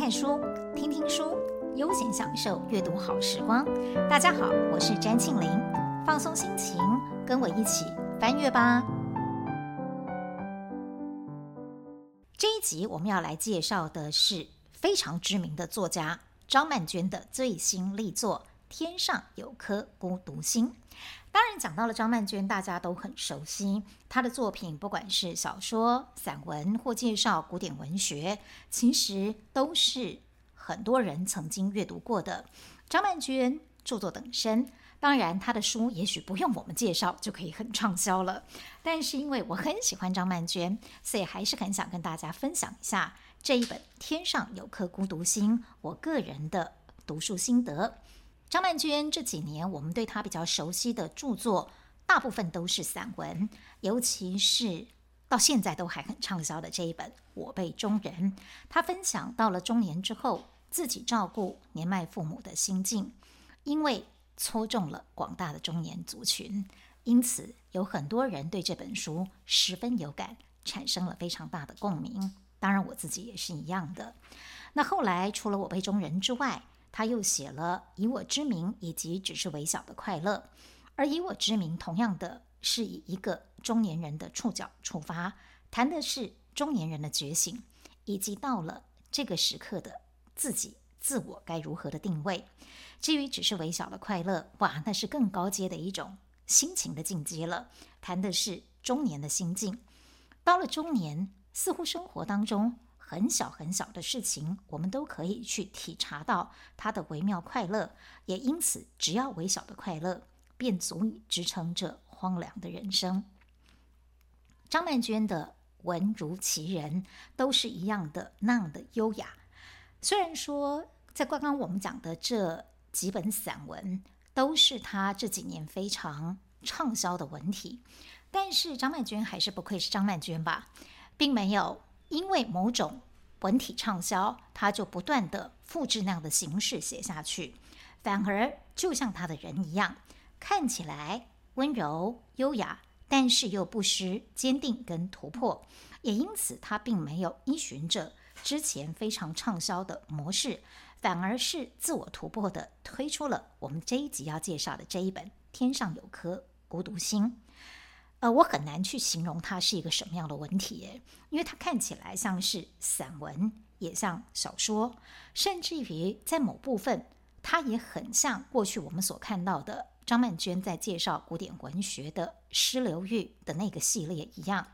看書，聽聽書，悠閒享受閱讀好時光。大家好，我是詹慶林，放鬆心情，跟我一起翻閱吧。這一集我們要來介紹的是非常知名的作家張曼娟的最新力作《天上有顆孤獨星》。當然講到了張曼娟，大家都很熟悉她的作品，不管是小說、散文或介紹古典文學，其實都是很多人曾經閱讀過的。張曼娟著作等身，當然她的書也許不用我們介紹就可以很暢銷了。但是因為我很喜歡張曼娟，所以還是很想跟大家分享一下這一本《天上有顆孤獨星》我個人的讀書心得。張曼娟這幾年，我們對她比較熟悉的著作，大部分都是散文，尤其是到現在都還很暢銷的這一本《我輩中人》，她分享到了中年之後自己照顧年邁父母的心境，因為戳中了廣大的中年族群，因此有很多人對這本書十分有感，產生了非常大的共鳴。當然，我自己也是一樣的。那後來，除了《我輩中人》之外，他又寫了《以我之名》，以及只是微小的快樂。而《以我之名》，同樣的是以一個中年人的觸角出發，談的是中年人的覺醒，以及到了這個時刻的自己、自我該如何的定位。至於只是微小的快樂，哇，那是更高階的一種心情的進階了，談的是中年的心境。到了中年，似乎生活當中，很小很小的事情，我們都可以去體察到它的微妙快樂，也因此，只要微小的快樂，便足以支撐著荒涼的人生。張曼娟的文如其人，都是一樣的那樣的優雅。雖然說在剛剛我們講的這幾本散文，都是她這幾年非常暢銷的文體，但是張曼娟還是不愧是張曼娟吧，並沒有。因為某種文體暢銷，他就不斷的複製那樣的形式寫下去，反而就像他的人一樣，看起來溫柔優雅，但是又不失堅定跟突破。也因此，他並沒有依循着之前非常暢銷的模式，反而是自我突破的推出了我們這一集要介紹的這一本《天上有顆孤獨星》。呃，我很難去形容它是一個什麼樣的文體，因為它看起來像是散文，也像小說，甚至於在某部分，它也很像過去我們所看到的張曼娟在介紹古典文學的《詩流域》的那個系列一樣。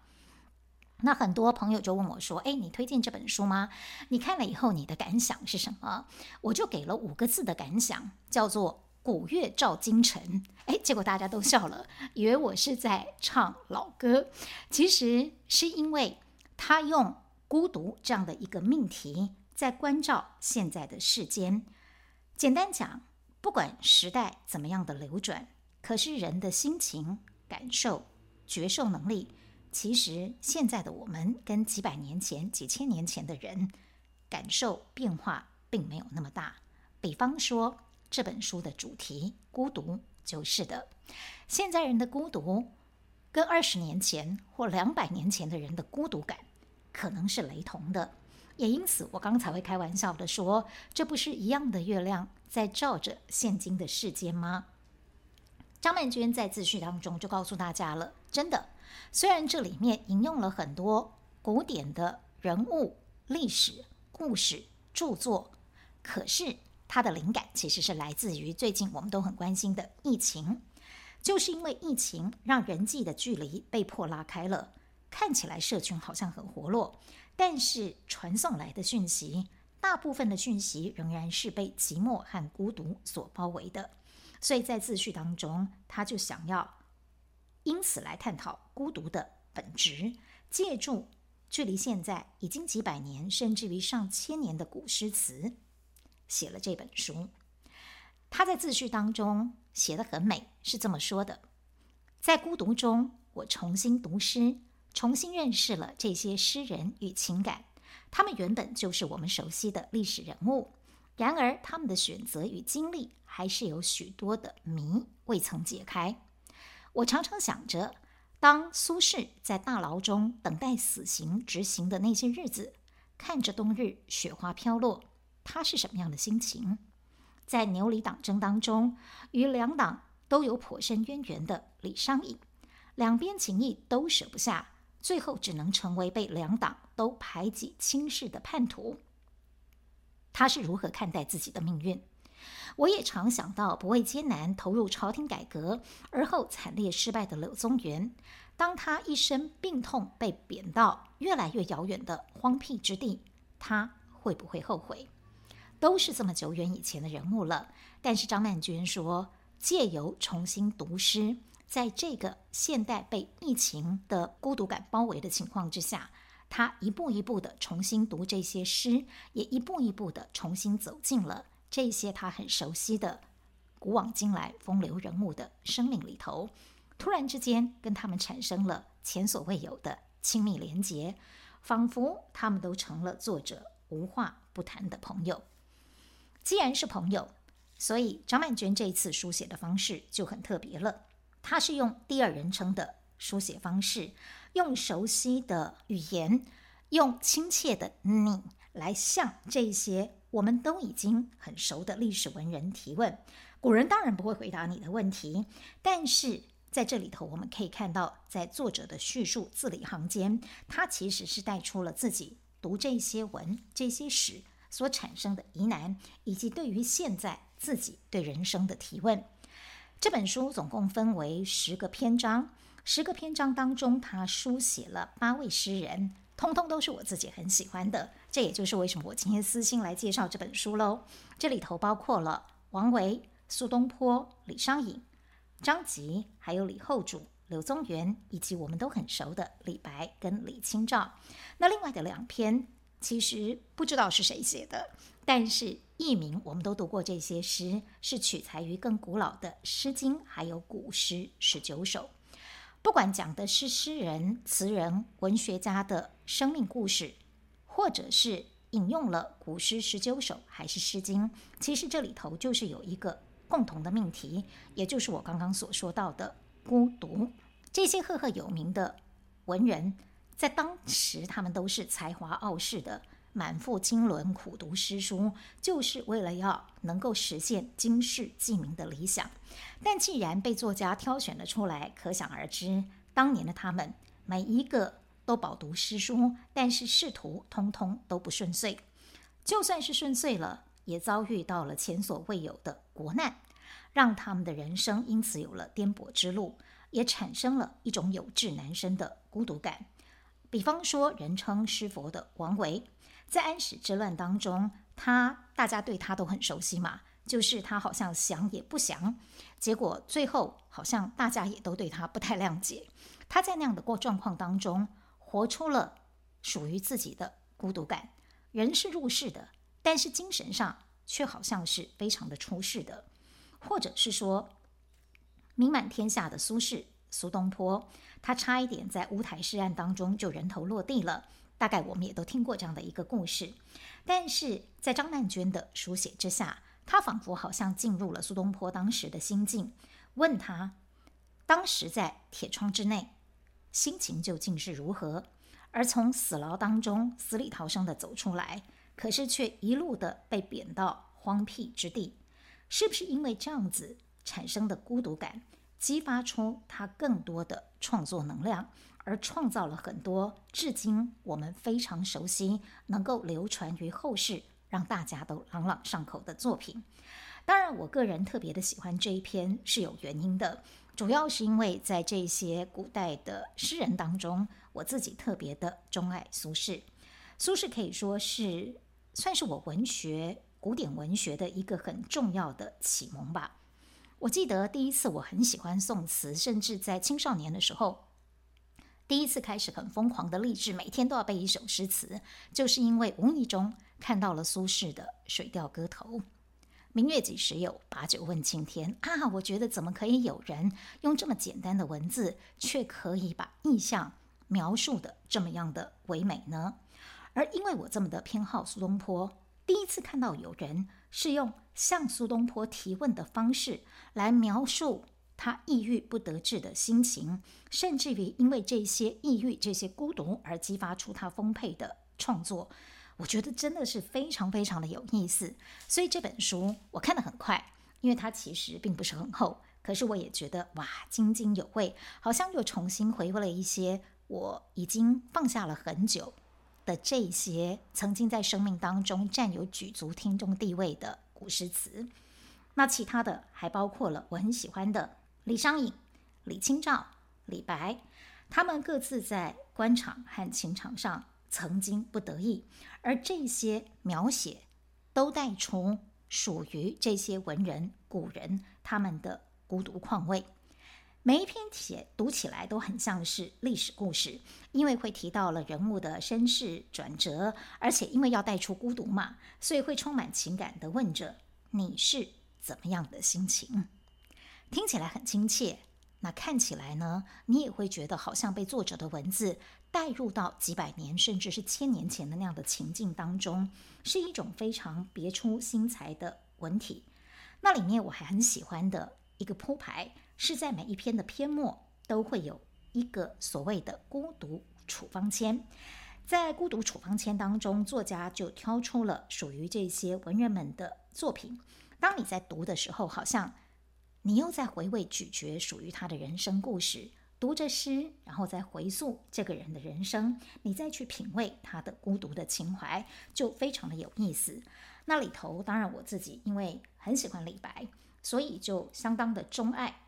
那很多朋友就問我說：“哎，你推薦這本書嗎？你看了以後你的感想是什麼？”我就給了五個字的感想，叫做。古月照今塵，哎，結果大家都笑了，以為我是在唱老歌。其實是因為他用“孤獨”這樣的一個命題，在關照現在的世間。簡單講，不管時代怎麼樣的流轉，可是人的心情、感受、覺受能力，其實現在的我們跟幾百年前、幾千年前的人，感受變化並沒有那麼大。比方說。這本書的主題，孤獨，就是的。現在人的孤獨，跟二十年前或兩百年前的人的孤獨感，可能是雷同的。也因此，我剛才會開玩笑地說，這不是一樣的月亮在照着現今的世間嗎？張曼娟在自序當中就告訴大家了，真的。雖然這裡面引用了很多古典的人物、歷史、故事、著作，可是。他的靈感其實是來自於最近我們都很關心的疫情，就是因為疫情讓人際的距離被迫拉開了，看起來社群好像很活絡，但是傳送來的訊息，大部分的訊息仍然是被寂寞和孤獨所包圍的，所以在自序當中，他就想要因此來探討孤獨的本質，借助距離現在已經幾百年甚至於上千年的古詩詞。寫了這本書，他在自序當中寫得很美，是這麼說的：“在孤獨中，我重新讀詩，重新認識了這些詩人與情感。他們原本就是我們熟悉的歷史人物，然而他們的選擇與經歷還是有許多的謎未曾解開。我常常想着，當蘇軾在大牢中等待死刑執行的那些日子，看着冬日雪花飄落。”他是什麼樣的心情？在牛李黨爭當中，與兩黨都有頗深淵源的李商隱，兩邊情誼都捨不下，最後只能成為被兩黨都排擠輕視的叛徒。他是如何看待自己的命運？我也常想到不畏艱難投入朝廷改革，而後慘烈失敗的柳宗元。當他一生病痛被貶到越來越遙遠的荒僻之地，他會不會後悔？都是這麼久遠以前的人物了，但是張曼娟說，借由重新讀詩，在這個現代被疫情的孤獨感包圍的情況之下，她一步一步的重新讀這些詩，也一步一步的重新走進了這些她很熟悉的古往今來風流人物的生命裡頭，突然之間跟他們產生了前所未有的親密連結，仿佛他們都成了作者無話不談的朋友。既然是朋友，所以張曼娟這一次書寫的方式就很特別了。她是用第二人稱的書寫方式，用熟悉的語言，用親切的“你”來向這些我們都已經很熟的歷史文人提問。古人當然不會回答你的問題，但是在這裡頭，我們可以看到，在作者的敘述字裡行間，他其實是帶出了自己讀這些文、這些史。所產生的疑難，以及對於現在自己對人生的提問。這本書總共分為十個篇章，十個篇章當中，他書寫了八位詩人，通通都是我自己很喜歡的。這也就是為什麼我今天私心來介紹這本書嘍。這裡頭包括了王維、蘇東坡、李商隱、張籍，還有李後主、柳宗元，以及我們都很熟的李白跟李清照。那另外的兩篇。其實不知道是誰寫的，但是佚名我們都讀過這些詩，是取材於更古老的《詩經》，還有《古詩十九首》。不管講的是詩人、詞人、文學家的生命故事，或者是引用了《古詩十九首》還是《詩經》，其實這裡頭就是有一個共同的命題，也就是我剛剛所說到的孤獨。這些赫赫有名的文人。在當時，他們都是才華傲世的，滿腹經綸，苦讀詩書，就是為了要能夠實現經世濟民的理想。但既然被作家挑選了出來，可想而知，當年的他們每一個都飽讀詩書，但是仕途通通都不順遂。就算是順遂了，也遭遇到了前所未有的國難，讓他們的人生因此有了顛簸之路，也產生了一種有志難伸的孤獨感。比方說，人稱詩佛的王維，在安史之亂當中，他大家對他都很熟悉嘛，就是他好像想也不想，結果最後好像大家也都對他不太諒解。他在那樣的過狀況當中，活出了屬於自己的孤獨感。人是入世的，但是精神上卻好像是非常的出世的，或者是說名滿天下的蘇軾。蘇東坡，他差一點在烏台詩案當中就人頭落地了。大概我們也都聽過這樣的一個故事，但是在張曼娟的書寫之下，他仿佛好像進入了蘇東坡當時的心境，問他當時在鐵窗之內心情究竟是如何？而從死牢當中死裡逃生地走出來，可是卻一路的被貶到荒僻之地，是不是因為這樣子產生的孤獨感？激發出他更多的創作能量，而創造了很多至今我們非常熟悉、能夠流傳於後世、讓大家都朗朗上口的作品。當然，我個人特別的喜歡這一篇是有原因的，主要是因為在這些古代的詩人當中，我自己特別的鍾愛蘇軾。蘇軾可以說是算是我文學、古典文學的一個很重要的啟蒙吧。我記得第一次我很喜歡宋詞，甚至在青少年的時候，第一次開始很瘋狂的立志，每天都要背一首詩詞，就是因為無意中看到了蘇軾的《水調歌頭》：“明月幾時有，把酒問青天。”啊，我覺得怎麼可以有人用這麼簡單的文字，卻可以把意象描述的這麼樣的唯美呢？而因為我這麼的偏好蘇東坡，第一次看到有人是用向蘇東坡提問的方式來描述他抑鬱不得志的心情，甚至於因為這些抑鬱、這些孤獨而激發出他豐沛的創作。我覺得真的是非常非常的有意思，所以這本書我看得很快，因為它其實並不是很厚，可是我也覺得哇，津津有味，好像又重新回味了一些我已經放下了很久，的這些曾經在生命當中占有舉足輕重地位的古詩詞，那其他的還包括了我很喜歡的李商隱、李清照、李白，他們各自在官場和情場上曾經不得意，而這些描寫都帶出屬於這些文人古人他們的孤獨況味。每一篇帖讀起來都很像是歷史故事，因為會提到了人物的身世轉折，而且因為要帶出孤獨嘛，所以會充滿情感的問着你是怎麼樣的心情，聽起來很親切。那看起來呢，你也會覺得好像被作者的文字帶入到幾百年甚至是千年前的那樣的情境當中，是一種非常別出心裁的文體。那裡面我還很喜歡的一個鋪排。是在每一篇的篇末都會有一個所謂的“孤獨處方簽”。在“孤獨處方簽”當中，作家就挑出了屬於這些文人們的作品。當你在讀的時候，好像你又在回味咀嚼屬於他的人生故事。讀着詩，然後再回溯這個人的人生，你再去品味他的孤獨的情懷，就非常的有意思。那裡頭，當然我自己因為很喜歡李白，所以就相當的鍾愛。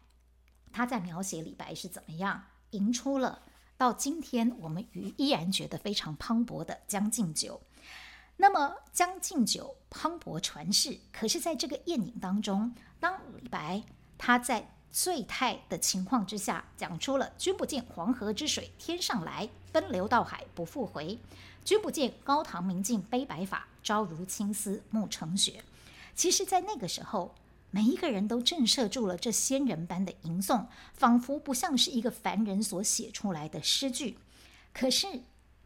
他在描寫李白是怎麼樣吟出了到今天我們魚依然覺得非常磅礴的《將進酒》。那麼，《將進酒》磅礴傳世，可是，在這個宴飲當中，當李白他在醉態的情況之下，講出了“君不見黃河之水天上來，奔流到海不復回；君不見高堂明鏡悲白髮，朝如青絲暮成雪。”其實，在那個時候。每一個人都震懾住了這仙人般的吟誦，仿佛不像是一個凡人所寫出來的詩句。可是，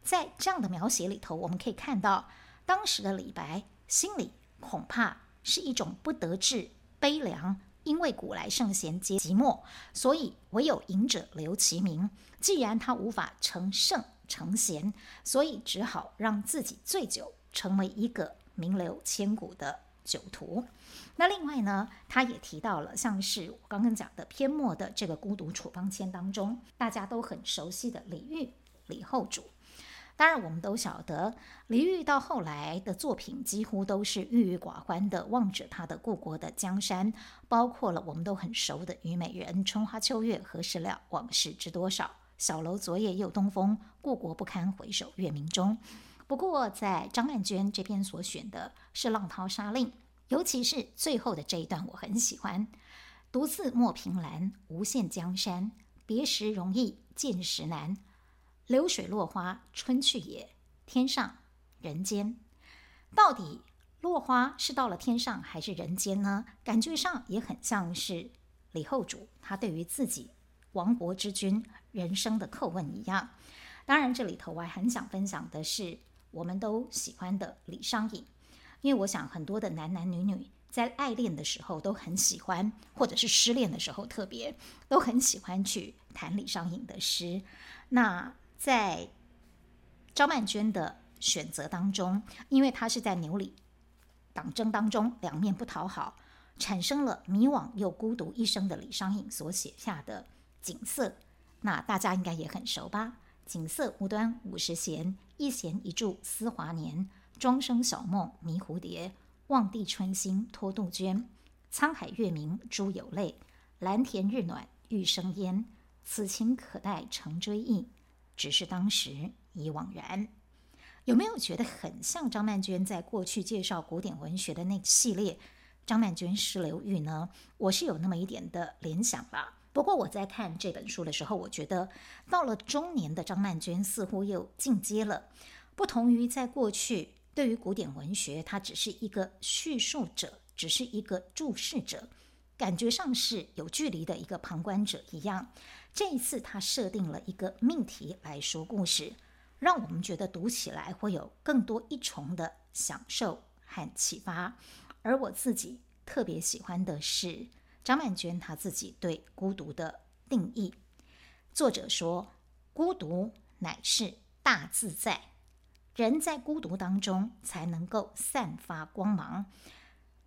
在這樣的描寫裡頭，我們可以看到，當時的李白心裡恐怕是一種不得志、悲涼。因為古來聖賢皆寂寞，所以唯有飲者留其名。既然他無法成聖成賢，所以只好讓自己醉酒，成為一個名留千古的。酒徒，那另外呢，他也提到了像是我剛剛講的篇末的這個《孤獨處方箋》當中，大家都很熟悉的李煜、李後主。當然，我們都曉得李煜到後來的作品幾乎都是鬱鬱寡歡的，望着他的故國的江山，包括了我們都很熟的《虞美人》：“春花秋月何時了？往事知多少？小樓昨夜又東風，故國不堪回首月明中。”不過，在張曼娟這邊所選的是《浪淘沙令》，尤其是最後的這一段，我很喜歡。獨自莫憑欄，無限江山，別時容易見時難。流水落花春去也，天上人間。到底落花是到了天上還是人間呢？感覺上也很像是李後主他對於自己亡國之君人生的叩問一樣。當然，這裡頭我還很想分享的是。我們都喜歡的李商隱，因為我想很多的男男女女在愛戀的時候都很喜歡，或者是失戀的時候特別都很喜歡去談李商隱的詩。那在張曼娟的選擇當中，因為他是在牛李黨爭當中兩面不討好，產生了迷惘、又孤獨一生的李商隱所寫下的《錦瑟》，那大家應該也很熟吧？錦瑟無端五十絃，一絃一柱思華年。莊生曉夢迷蝴蝶，望帝春心托杜鵑。滄海月明珠有淚，藍田日暖玉生煙。此情可待成追憶？只是當時已惘然。有沒有覺得很像張曼娟在過去介紹古典文學的那個系列？張曼娟是劉玉呢？我是有那麼一點的聯想吧。不過我在看這本書的時候，我覺得到了中年的張曼娟似乎又進階了。不同於在過去，對於古典文學，她只是一個敘述者，只是一個注視者，感覺上是有距離的一個旁觀者一樣。這一次，她設定了一個命題來說故事，讓我們覺得讀起來會有更多一重的享受和啟發。而我自己特別喜歡的是。張曼娟她自己對孤獨的定義，作者說：“孤獨乃是大自在，人在孤獨當中才能夠散發光芒。”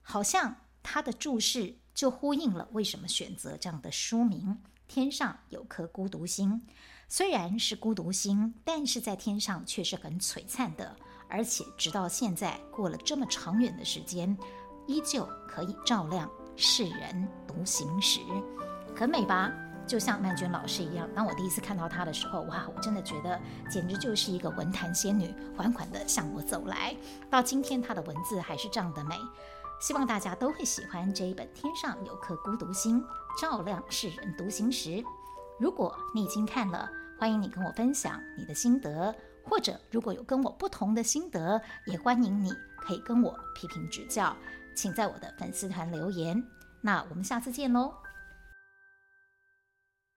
好像他的註釋就呼應了為什麼選擇這樣的書名：“天上有顆孤獨星，雖然是孤獨星，但是在天上卻是很璀璨的，而且直到現在過了這麼長遠的時間，依舊可以照亮。”世人獨行時，很美吧？就像曼娟老師一樣，當我第一次看到她的時候，哇，我真的覺得簡直就是一個文壇仙女，緩緩地向我走來。到今天，她的文字還是這樣的美。希望大家都會喜歡這一本《天上有顆孤獨星》，照亮世人獨行時。如果你已經看了，歡迎你跟我分享你的心得，或者如果有跟我不同的心得，也歡迎你可以跟我批評指教。請在我的粉絲團留言，那我們下次見嘍。